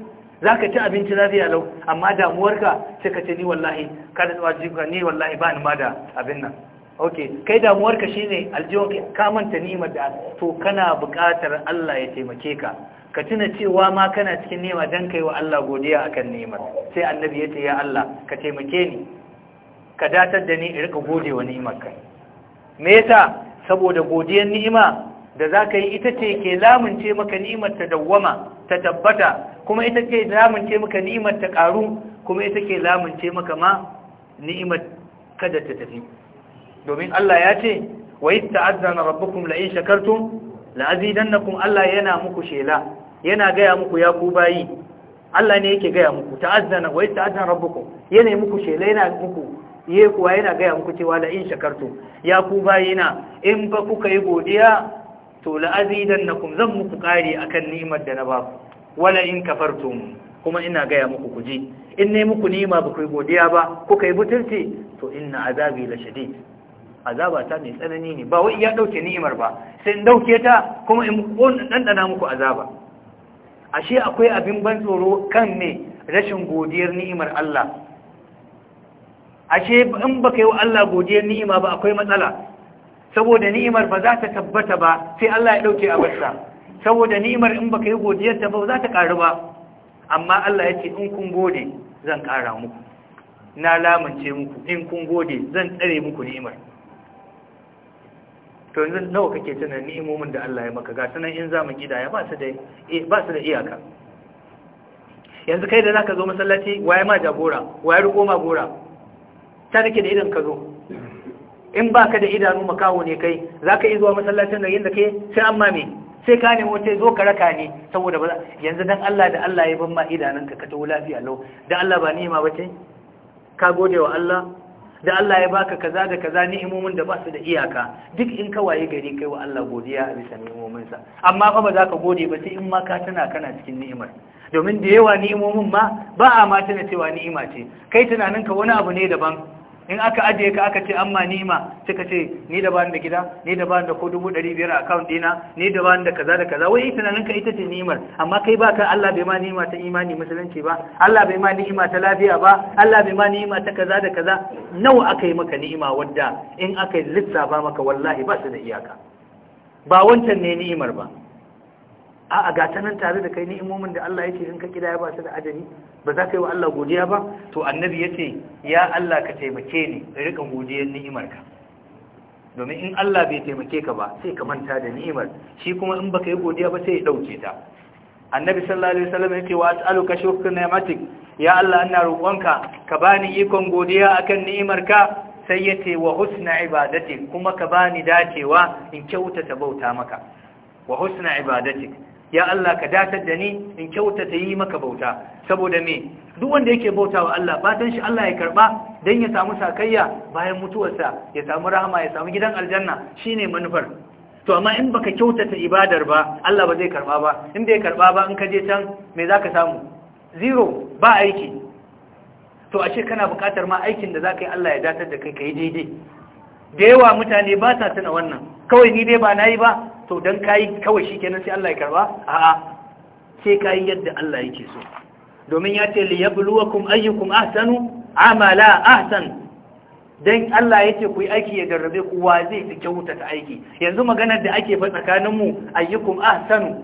za ka ci abinci lafiya lau amma damuwarka sai ka ce ni wallahi kada tsawa jika ni wallahi ba ni ma da abin nan ok kai damuwarka shine aljiwon ka manta ni'imar da to kana buƙatar Allah ya taimake ka ka tuna cewa ma kana cikin nema don kai wa Allah godiya akan nemar sai annabi ya ce ya Allah ka taimake ni ka datar da ni in gode wa ni'imar kai me yasa saboda godiyar ni'ima da za ka yi ita ce ke lamunce maka ni'imar ta dawwama ta tabbata kuma ita ce lamunce maka ni'imar ta karu kuma ita ke lamunce maka ma ni'imar kada ta tafi domin Allah ya ce wa yi ta'azzana rabbukum la in shakartum la azidannakum Allah yana muku shela yana gaya muku ya ku bayi Allah ne yake gaya muku ta'azzana wa ta'azzana rabbukum yana muku shela yana muku ye kuwa yana gaya muku cewa la in shakartum ya ku na, in ba kuka yi godiya to la azidannakum zan muku kare akan ni'imar da na ba ku wala in kafartum kuma ina gaya muku ku ji in ne muku ni'ima ba ku yi godiya ba kuka yi butulci to inna azabi la shadid azaba ta mai tsanani ne ba wai ya dauke ni'imar ba sai in dauke ta kuma in kun dandana muku azaba ashe akwai abin ban tsoro kan me rashin godiyar ni'imar Allah ashe in baka yi wa Allah godiyar ni'ima ba akwai matsala saboda ni'imar ba za ta tabbata ba sai Allah ya ɗauke a barsa saboda ni'imar in baka yi godiyar ta ba za ta karu ba amma Allah ya ce in kun gode zan kara muku na lamunce muku in kun gode zan tsare muku ni'imar to yanzu nawa kake tuna ni'imomin da Allah ya maka ga sanan in za mu kidaya ba su da eh, ba su da iyaka yanzu kai da zaka zo masallaci waye ma jagora waye riko ma gora ta nake da idan ka zo in baka da idanu makawo ne kai zaka yi zuwa masallacin da yanda kai sai amma me sai ka nemo sai zo ka raka ne saboda ba yanzu dan Allah da Allah ya ban ma idanunka ka tawo lafiya lau dan Allah ba ni ba bace ka gode wa Allah da Allah ya baka kaza da kaza ni'imomin da ba su da iyaka duk in ka waye gari kai wa Allah godiya a bisa ni'imominsa amma fa ba za ka gode ba sai in ma ka tana kana cikin ni'imar domin da yawa ni'imomin ma ba a ma tana cewa ni'ima ce kai ka wani abu ne daban in aka ajiye ka aka ce amma nima suka ce ni da bani da gida ni da bani da ko dubu ɗari biyar a account dina ni da bani da kaza da kaza wai tunanin ka ita ce nimar amma kai ba ka Allah bai ma nima ta imani musulunci ba Allah bai ma ni'ima ta lafiya ba Allah bai ma ni'ima ta kaza da kaza nawa aka yi maka ni'ima wadda in aka lissafa maka wallahi ba su da iyaka ba wancan ne ni'imar ba a'a ga ta nan tare da kai ni'imomin da Allah yake in ka kida ya ba su da ajali ba za ka yi wa Allah godiya ba to annabi ya ce, ya Allah ka taimake ni rika godiyar ni'imarka domin in Allah bai taimake ka ba sai ka manta da ni'imar shi kuma in baka yi godiya ba sai ya dauke ta annabi sallallahu alaihi wasallam yake wa as'aluka shukran ni'matik ya Allah ina roƙonka ka bani ikon godiya akan ni'imar ka sai ya yace wa husna ibadatik kuma ka bani dacewa in kyautata bauta maka wa husna ibadatik ya Allah ka datar da ni in kyautata yi maka bauta saboda me duk wanda yake bautawa Allah fatan shi Allah ya karba dan ya samu sakayya bayan mutuwarsa ya samu rahama ya samu gidan aljanna shine manufar to amma in baka kyautata ibadar ba Allah ba zai karba ba in bai karba ba in ka je can me zaka samu zero ba aiki to ashe kana bukatar ma aikin da zaka yi Allah ya datar da kai kai daidai da yawa mutane ba sa tana wannan kawai ni dai ba nayi ba to dan kayi kawai shi kenan sai Allah ya karba a'a sai kayi yadda Allah yake so domin ya ce kun ayyukum ahsanu amala ahsan dan Allah yake ku yi aiki ya garrabe ku wa zai fi kyautata aiki yanzu maganar da ake fa tsakaninmu ayyukum ahsanu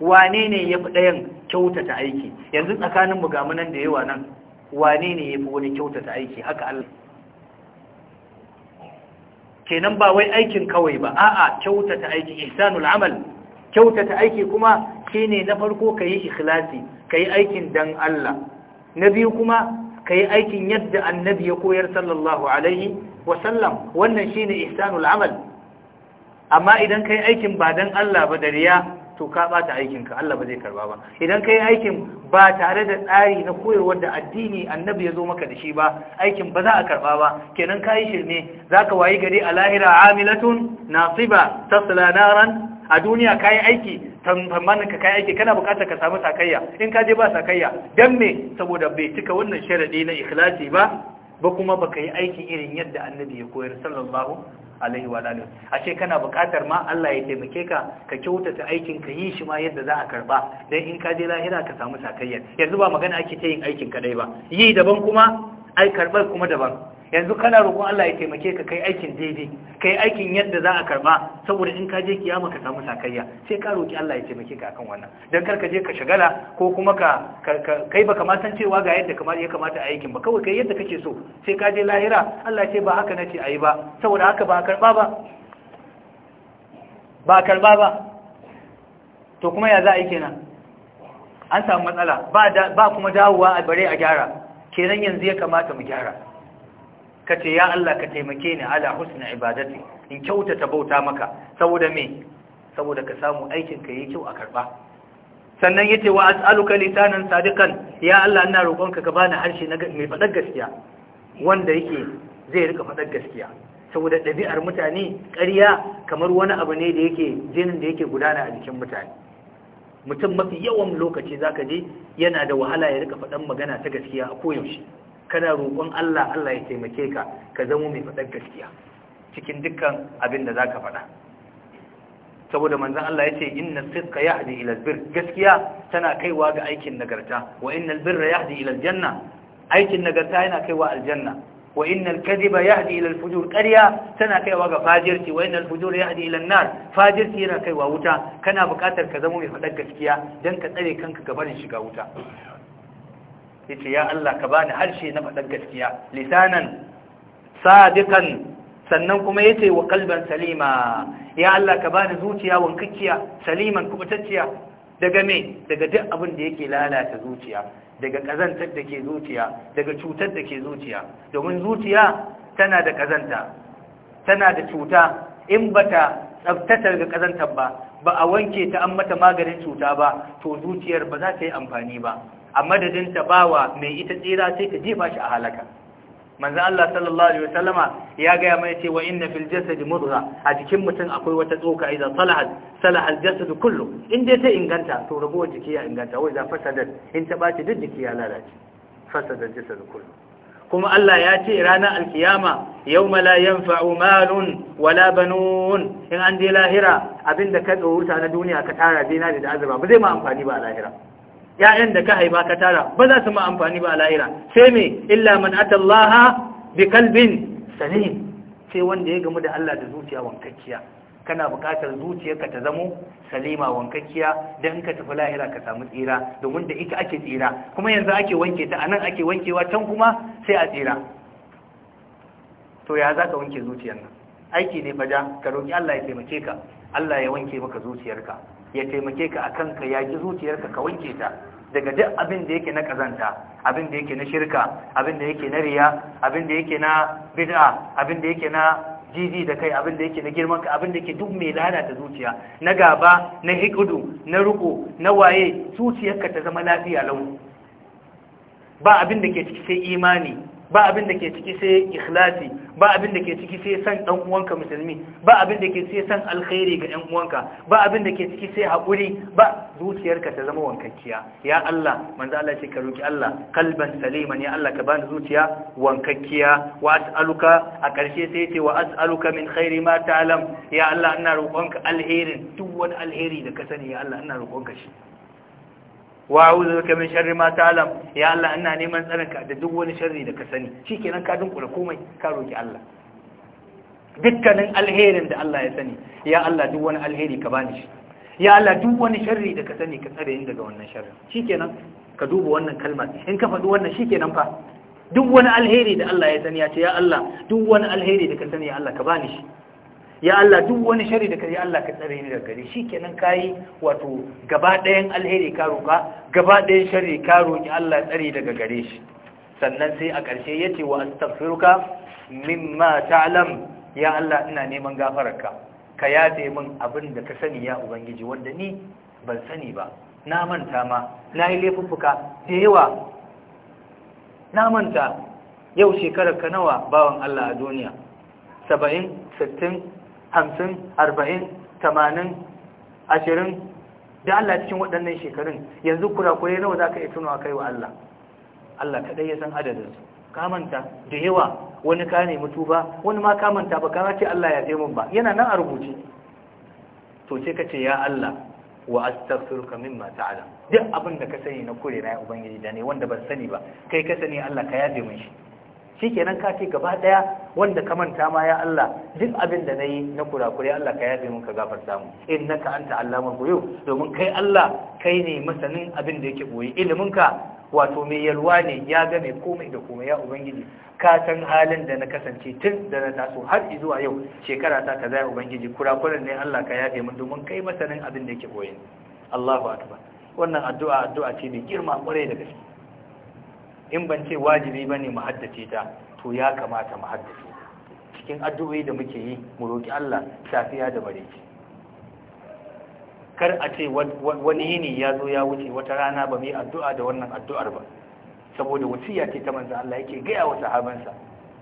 wane ne ya fi ɗayan kyautata aiki yanzu tsakaninmu ga munan da yawa nan wane ne ya fi wani kyautata aiki haka Allah kenan ba wai aikin kawai ba a'a kyautata aiki ihsanul amal kyautata aiki kuma shine na farko kayi ikhlasi kayi aikin dan Allah na biyu kuma kayi aikin yadda annabi ya koyar sallallahu alaihi wa sallam wannan shine ihsanul amal amma idan kai aikin ba dan Allah ba da riya to ka bata aikinka Allah ba zai karba ba idan ka yi aikin ba tare da tsari na koyarwar da addini annabi ya zo maka da shi ba aikin ba za a karba ba kenan ka yi shirme Za ka wayi gari a lahira amilatun nasiba tasla naran a duniya ka yi aiki tamanin ka kai aiki kana bukatar ka samu sakayya in ka je ba sakayya dan me saboda bai cika wannan sharadi na ikhlasi ba ba kuma baka yi aiki irin yadda annabi ya koyar sallallahu alaihi wa alihi ashe kana buƙatar ma Allah ya taimake ka ka kyautata aikin ka yi shi ma yadda za a karba dan in ka je lahira ka samu sakayya yanzu ba magana ake ta yin aikin ka dai ba yi daban kuma ai karbar kuma daban yanzu kana roƙon Allah ya taimake ka kai aikin daidai kai aikin yadda za a karba saboda in ka je kiyama ka samu sakayya sai ka roƙi Allah ya taimake ka akan wannan dan kar ka je ka shagala ko kuma ka kai baka ma san cewa ga yadda kamar ya kamata a aikin ba kawai kai yadda kake so sai ka je lahira Allah ce ba haka nace ayi ba saboda haka ba karba ba ba karba ba to kuma ya za a yi kenan an samu matsala ba kuma dawowa a bare a gyara kenan yanzu ya kamata mu gyara ka ce ya Allah ka taimake ni ala husna ibadati in kyautata bauta maka saboda me saboda ka samu aikin ka yi kyau a karba sannan yace wa as'aluka lisanan sadiqan ya Allah ina roƙonka ka bani harshe mai faɗar gaskiya wanda yake zai rika faɗar gaskiya saboda ɗabi'ar mutane ƙarya kamar wani abu ne da yake jinin da yake gudana a jikin mutane mutum mafi yawan lokaci zaka je yana da wahala ya rika faɗan magana ta gaskiya a koyaushe kana roƙon Allah Allah ya taimake ka ka zama mai faɗar gaskiya cikin dukkan abin da zaka faɗa saboda manzon Allah yace inna sidqa yahdi ila albir gaskiya tana kaiwa ga aikin nagarta wa innal birra yahdi ila aljanna aikin nagarta yana kaiwa aljanna wa innal kadhiba yahdi ila al-fujur ƙarya tana kaiwa ga fajirci wa innal fujur yahdi ila an-nar fajirci yana kaiwa wuta kana buƙatar ka zama mai faɗar gaskiya dan ka tsare kanka gabanin shiga wuta yace ya Allah ka bani harshe na faɗan gaskiya lisanan sadikan sannan kuma yace wa kalban salima ya Allah ka bani zuciya wankakkiya saliman kubutacciya daga me daga duk abin da yake lalata zuciya daga kazantar da ke zuciya daga cutar da ke zuciya domin zuciya tana da kazanta tana da cuta in bata tsaftatar ga kazantar ba ba a wanke ta an mata maganin cuta ba to zuciyar ba za ta yi amfani ba a madadin ta bawa mai ita tsira sai ka jefa shi a halaka manzo Allah sallallahu alaihi wasallama ya gaya mana cewa inna fil jasad mudgha a jikin mutum akwai wata tsoka idan salahat salaha al jasad kullu in dai ta inganta to rabuwar jiki ya inganta wai za fasadat in ta bace duk jiki ya lalace fasada jasad kullu kuma Allah ya ce ranar alkiyama yau la yanfa'u malun wala banun in an je lahira abinda ka tsohuta na duniya ka tara dinari da azaba ba zai ma amfani ba a lahira ya'yan da ka haifa ka tara ba za su ma amfani ba a lahira sai me illa man atallaha bi kalbin salim sai wanda ya gamu da Allah da zuciya wankakkiya kana buƙatar zuciyarka ta zamo salima wankakkiya don ka tafi la'ira ka samu tsira domin da ita ake tsira kuma yanzu ake wanke ta anan ake wankewa can kuma sai a tsira to ya za ka wanke zuciyar nan aiki ne faja ka roƙi Allah ya taimake ka Allah ya wanke maka zuciyarka ya taimake ka a akan ka yaki zuciyarka ka wanke ta daga duk abin da yake na ƙazanta, abin da yake na shirka abin da yake na riya abin da yake na bid'a abin da yake na jiji da kai abin da yake na girman ka abin da yake duk mai lalata zuciya na gaba na hikudu na ruko na waye zuciyarka ta zama lafiya lau ba abin da ke ciki sai imani ba abin da ke ciki sai ikhlasi ba abin da ke ciki sai san dan uwanka musulmi ba abin da ke sai san alkhairi ga ɗan uwanka ba abin da ke ciki sai haƙuri ba zuciyarka ta zama wankakkiya ya Allah manzo Allah ce ka roki Allah kalban saliman ya Allah ka bani zuciya wankakkiya wa as'aluka a ƙarshe sai ce wa as'aluka min khairi ma ta'lam ya Allah ina roƙonka alherin duk wani alheri da ka sani ya Allah ina roƙonka shi wa a'udhu bika min sharri ma ta'lam ya Allah ina neman ka da duk wani sharri da ka sani shikenan ka dunkula komai ka roki Allah dukkanin alherin da Allah ya sani ya Allah duk wani alheri ka bani shi ya Allah duk wani sharri da ka sani ka tsare ni daga wannan sharri shikenan ka duba wannan kalmar in ka faɗi wannan shikenan fa duk wani alheri da Allah ya sani ya ce ya Allah duk wani alheri da ka sani ya Allah ka bani shi ya Allah duk wani shari da kare Allah ka tsare ni daga gare shi kenan kayi wato gaba ɗayan alheri ka roƙa gaba ɗayan shari ka roƙi Allah tsare daga gare shi sannan sai a ƙarshe yace wa astaghfiruka mimma ta'lam ya Allah ina neman gafararka ka yafe min abin da ka sani ya ubangiji wanda ni ban sani ba na manta ma na yi laifuffuka da yawa na manta yau shekarar ka nawa bawan Allah a duniya saba'in sittin hamsin arba'in tamanin ashirin da Allah cikin waɗannan shekarun yanzu kura kurakurai nawa za ka iya tunawa kai wa Allah Allah kaɗai ya san adadinsu kamanta da yawa wani ka nemi tuba wani ma kamanta ba kama ce Allah ya mun ba yana nan a rubuce to sai ka ce ya Allah wa astaghfiruka mimma ta'lam duk abin da ka sani na kure na ubangiji da ne wanda ban sani ba kai ka sani Allah ka yafe mun shi shikenan ka ce gaba ɗaya wanda ka manta ma ya Allah duk abin da nayi na kurakure Allah ka yafe mun ka gafarta mu innaka anta allamul ghuyub domin kai Allah kai ne masanin abin da yake boye ilimin ka wato mai yalwa ne ya ga mai komai da komai ya ubangiji ka san halin da na kasance tun da na taso har zuwa yau shekara ta ka zai ubangiji kurakuren ne Allah ka yafe mun domin kai masanin abin da yake boye Allahu akbar wannan addu'a addu'a ce mai girma kwarai da gaske in ban ce wajibi ne mu haddace ta to ya kamata mu haddace cikin addu'o'i da muke yi mu roƙi Allah safiya da bareci kar a ce wani yini ya zo ya wuce wata rana ba mu yi addu'a da wannan addu'ar ba saboda wasiya ce ta manzo Allah yake gaya wa sahabansa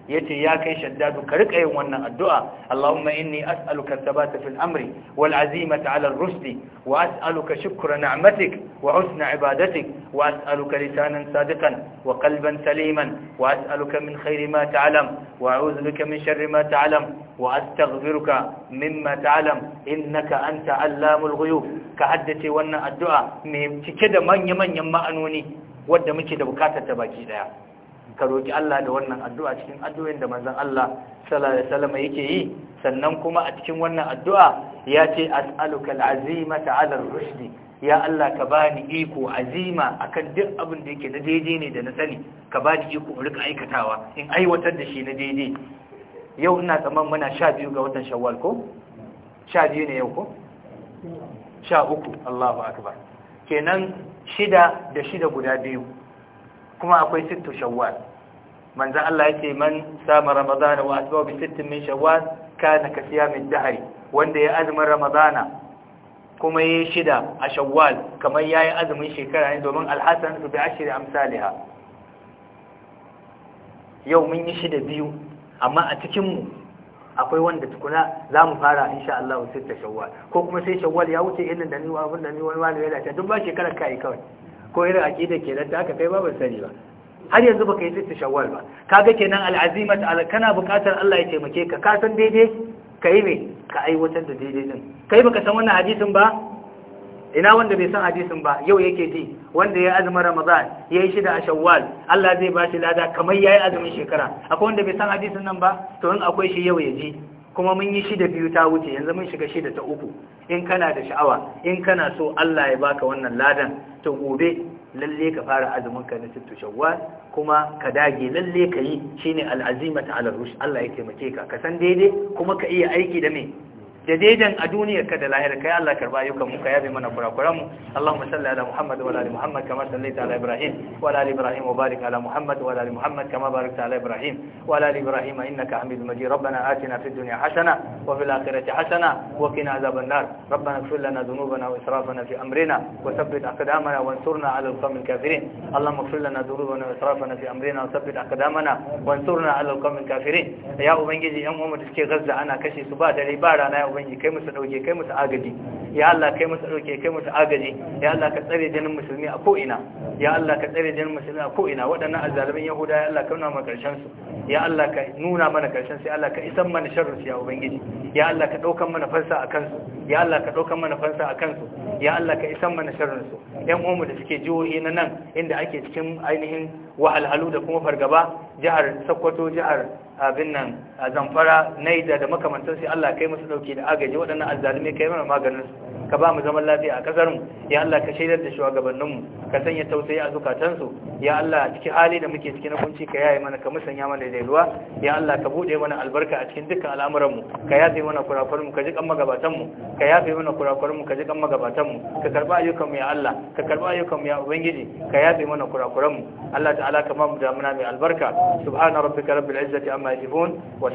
yace ya kai shaddadu ka rika yin wannan addu'a Allahumma inni as'aluka thabata fil amri wal azimata 'ala ar-rusli wa as'aluka shukra ni'matik wa husna ibadatik wa as'aluka lisanan sadiqan wa qalban saliman wa as'aluka min khayri ma ta'lam wa a'udhu bika min sharri ma ta'lam wa astaghfiruka mimma ta'lam innaka anta 'allamul ghuyub ka haddace wannan addu'a mai cike da manya-manyan ma'anoni wadda muke da bukatar ta baki daya ka roƙi Allah da wannan addu'a cikin addu’in da manzan Allah salama yake yi sannan kuma a cikin wannan addu'a ya ce as'aluka azima ta alar rushdi ya Allah ka bani iko azima a kan duk abin da yake na daidai ne da na sani ka ba ni iko rika aikatawa in aiwatar da shi na daidai yau ina tsamman muna sha biyu ga watan shawwal ko sha biyu ne yau ko sha uku Allahu akbar kenan shida da shida guda biyu kuma akwai sittu shawwal manzo Allah yake man samu ramadana wa atba bi sittin min shawwal kana ka siya min dahri wanda ya azumin ramadana kuma ya shida a shawwal kamar yayi azumin shekara ne domin alhasan bi ashri amsalha yau mun yi shida biyu amma a cikinmu mu akwai wanda tukuna za mu fara insha Allah sitta shawwal ko kuma sai shawwal ya wuce irin da ni wani da ni wani wani ya dace duk ba shekarar kai kawai ko irin da ke da aka kai ba bai sani ba har yanzu baka yi sitta shawar ba Ka kaga kenan al'azimat ala kana buƙatar Allah ya taimake ka ka san daidai yi me ka aiwatar da daidai din ba ka san wannan hadisin ba ina wanda bai san hadisin ba yau yake ji wanda ya azumi ramadan ya yi shida a shawwal Allah zai ba shi lada kamar ya yi azumin shekara akwai wanda bai san hadisin nan ba to in akwai shi yau ya ji kuma mun yi shida biyu ta wuce yanzu mun shiga shida ta uku in kana da sha'awa in kana so Allah ya baka wannan ladan to gobe lalle ka fara azumin ka na tuttu shawwal kuma ka dage lalle ka yi shine al'azimata ala rush Allah ya taimake ka ka san daidai kuma ka iya aiki da me da daidan a duniyar ka da lahira kai Allah karba ayyukan mu ka yabe mana kurakuran mu Allahumma salli ala Muhammad wa ala Muhammad kama sallaita ala Ibrahim wa ala Ibrahim wa barik ala Muhammad wa ala Muhammad kama barakta ala Ibrahim wa ala Ibrahim innaka Hamidum Majid rabbana atina fid dunya hasana wa fil akhirati hasana wa qina nar rabbana ighfir lana dhunubana wa israfana fi amrina wa thabbit aqdamana ala al-qawm al-kafirin Allahumma ighfir lana dhunubana wa israfana fi amrina wa thabbit aqdamana ala al-qawm al-kafirin ya ubangiji yan da suke gazza ana kashe su ba dare ba rana ubangi kai musu dauke kai musu agaji ya Allah kai musu dauke kai musu agaji ya Allah ka tsare jinin musulmi a ko ina ya Allah ka tsare jinin musulmi a ko ina waɗannan azzalimin yahuda ya Allah ka nuna mana karshen su ya Allah ka nuna mana karshen su ya Allah ka isan mana sharru ya ubangiji ya Allah ka daukan mana fansa a su ya Allah ka daukan mana fansa a su ya Allah ka isan mana sharru su yan umu da suke jihohi na nan inda ake cikin ainihin wahalhalu da kuma fargaba jihar Sokoto jihar abin nan a zamfara na yi da makamantar sai Allah kai masu ɗauki da agaji waɗannan azzalumai kai mana maganin su ka ba mu zaman lafiya a kasar mu ya Allah ka shaidar da shugabannin mu ka sanya tausayi a zukatan su ya Allah a cikin hali da muke ciki na kunci ka yaye mana ka musanya mana da ruwa ya Allah ka buɗe mana albarka a cikin dukkan al'amuranmu ka yafe mana kurakurin ka ji kan magabatan mu ka yafe mana kurakurin ka ji kan ka karba ayyukan mu ya Allah ka karɓi ayyukanmu ya ubangiji ka yafe mana kurakuran mu Allah ta'ala ka ba mu damuna mai albarka subhana rabbika rabbil izzati amma yasifun wa